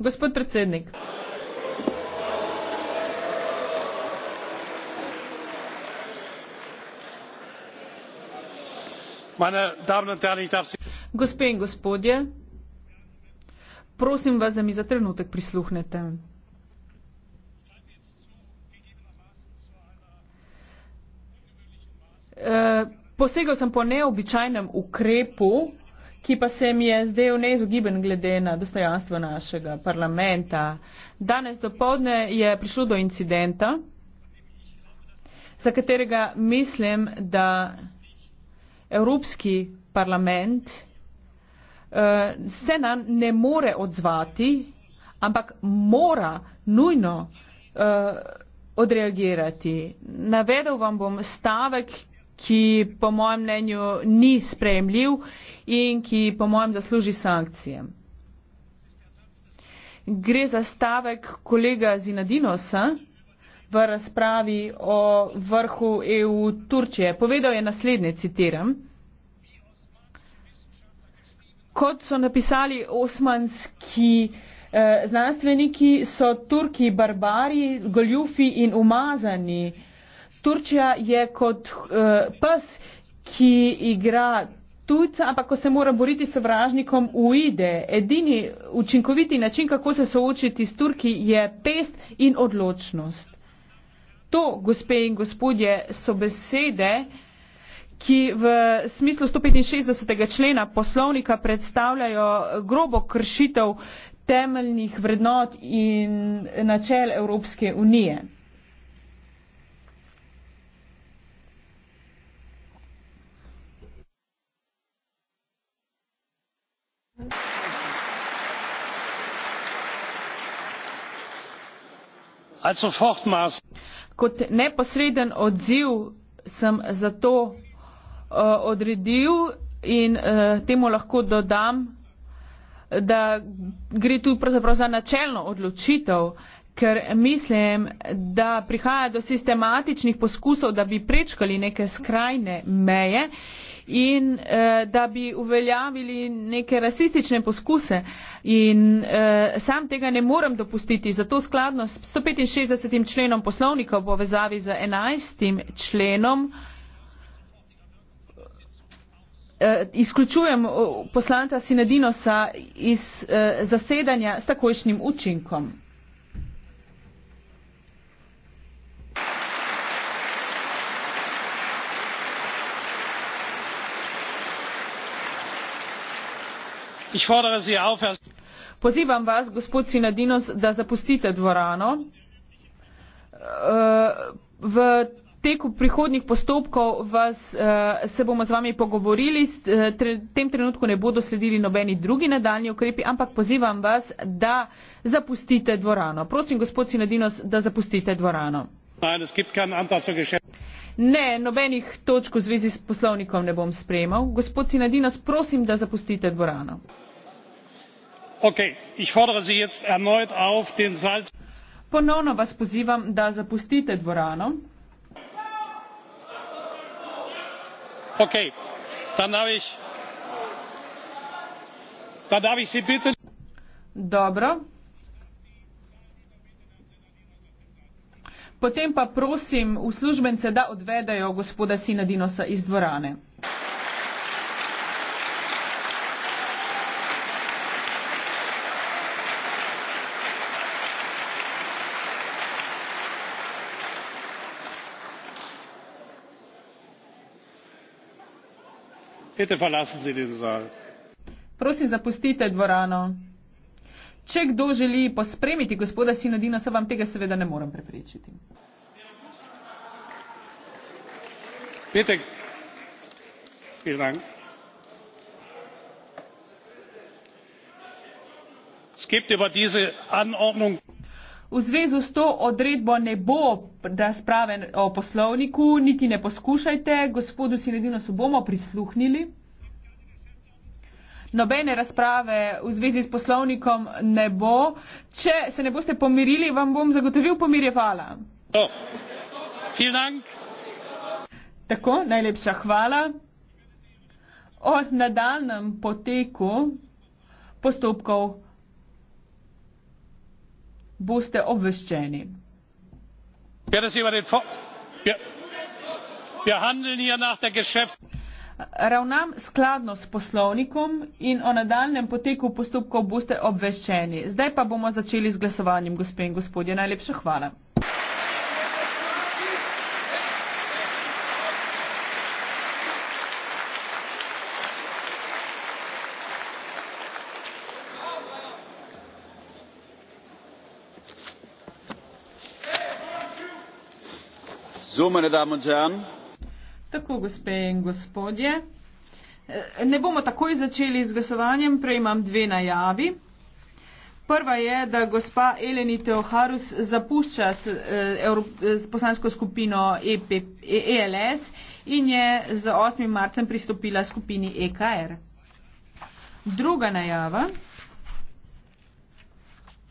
Gospod predsednik. Gospe in gospodje, prosim vas, da mi za trenutek prisluhnete. Eh, Posegal sem po neobičajnem ukrepu, ki pa se mi je zdel neizogiben glede na dostojanstvo našega parlamenta. Danes do povdne je prišlo do incidenta, za katerega mislim, da Evropski parlament uh, se nam ne more odzvati, ampak mora nujno uh, odreagirati. Navedel vam bom stavek, ki po mojem mnenju ni sprejemljiv in ki po mojem zasluži sankcije. Gre za stavek kolega Zinadinosa v razpravi o vrhu EU Turčije. Povedal je naslednje, citiram. Kot so napisali osmanski eh, znanstveniki, so Turki barbari, goljufi in umazani eh, Turčija je kot uh, pes, ki igra tujca, ampak ko se mora boriti s vražnikom, uide. Edini učinkoviti način, kako se soočiti s Turki, je pest in odločnost. To, gospe in gospodje, so besede, ki v smislu 165. člena poslovnika predstavljajo grobo kršitev temeljnih vrednot in načel Evropske unije. kot neposreden odziv sem zato eh, odredil in eh, temu lahko dodam da gre tu pravzaprav za načelno odločitev ker mislim, da prihaja do sistematičnih poskusov, da bi prečkali neke skrajne meje in eh, da bi uveljavili neke rasistične poskuse. In eh, sam tega ne morem dopustiti, zato skladno s 165. členom poslovnika v povezavi z 11. členom eh, izključujem eh, poslanca Sinedinosa iz eh, zasedanja s takojšnjim učinkom. pozivam vas gospod sinadinos da zapustite dvorano eh, v teku prihodnjih postopkov vas, eh, se bomo z vami pogovorili eh, v tem trenutku ne bodo sledili nobeni drugi nadaljni ukrepi ampak pozivam vas da zapustite dvorano prosim gospod sinadinos da zapustite dvorano Nein, es gibt keinen Antrag zur Geschäftsordnung. Ne, nobenih točk v zvezi s poslovnikom ne bom sprejemal. Gospod Sinadinos, prosim, da zapustite dvorano. Ponovno vas pozivam, da zapustite dvorano. Dobro. Potem pa prosim uslužbence, da odvedejo gospoda Sinadinosa iz dvorane. Prosim, zapustite dvorano. Če kdo želi pospremiti gospoda Sinodina, se vam tega seveda ne morem prepričiti. Petek. V zvezu s to odredbo ne bo razprave o poslovniku, niti ne poskušajte. Gospodu Sinedinosu bomo prisluhnili nobene razprave v zvezi s poslovnikom ne bo. Če se ne boste pomirili, vam bom zagotovil pomirjevala. Tako, najlepša hvala. O nadaljem poteku postopkov boste obveščeni. Ja, Ravnam skladno s poslovnikom in o nadaljem poteku postopkov boste obveščeni. Zdaj pa bomo začeli z glasovanjem, gospe in gospodje. Najlepša hvala. Zo, meine Damen und Herren. Tako, gospe in gospodje, e, ne bomo takoj začeli z glasovanjem, prej imam dve najavi. Prva je, da gospa Eleni Teoharus zapušča s, eh, Evrop, s poslansko skupino EP, ELS e in je z 8. marcem pristopila skupini EKR. Druga najava.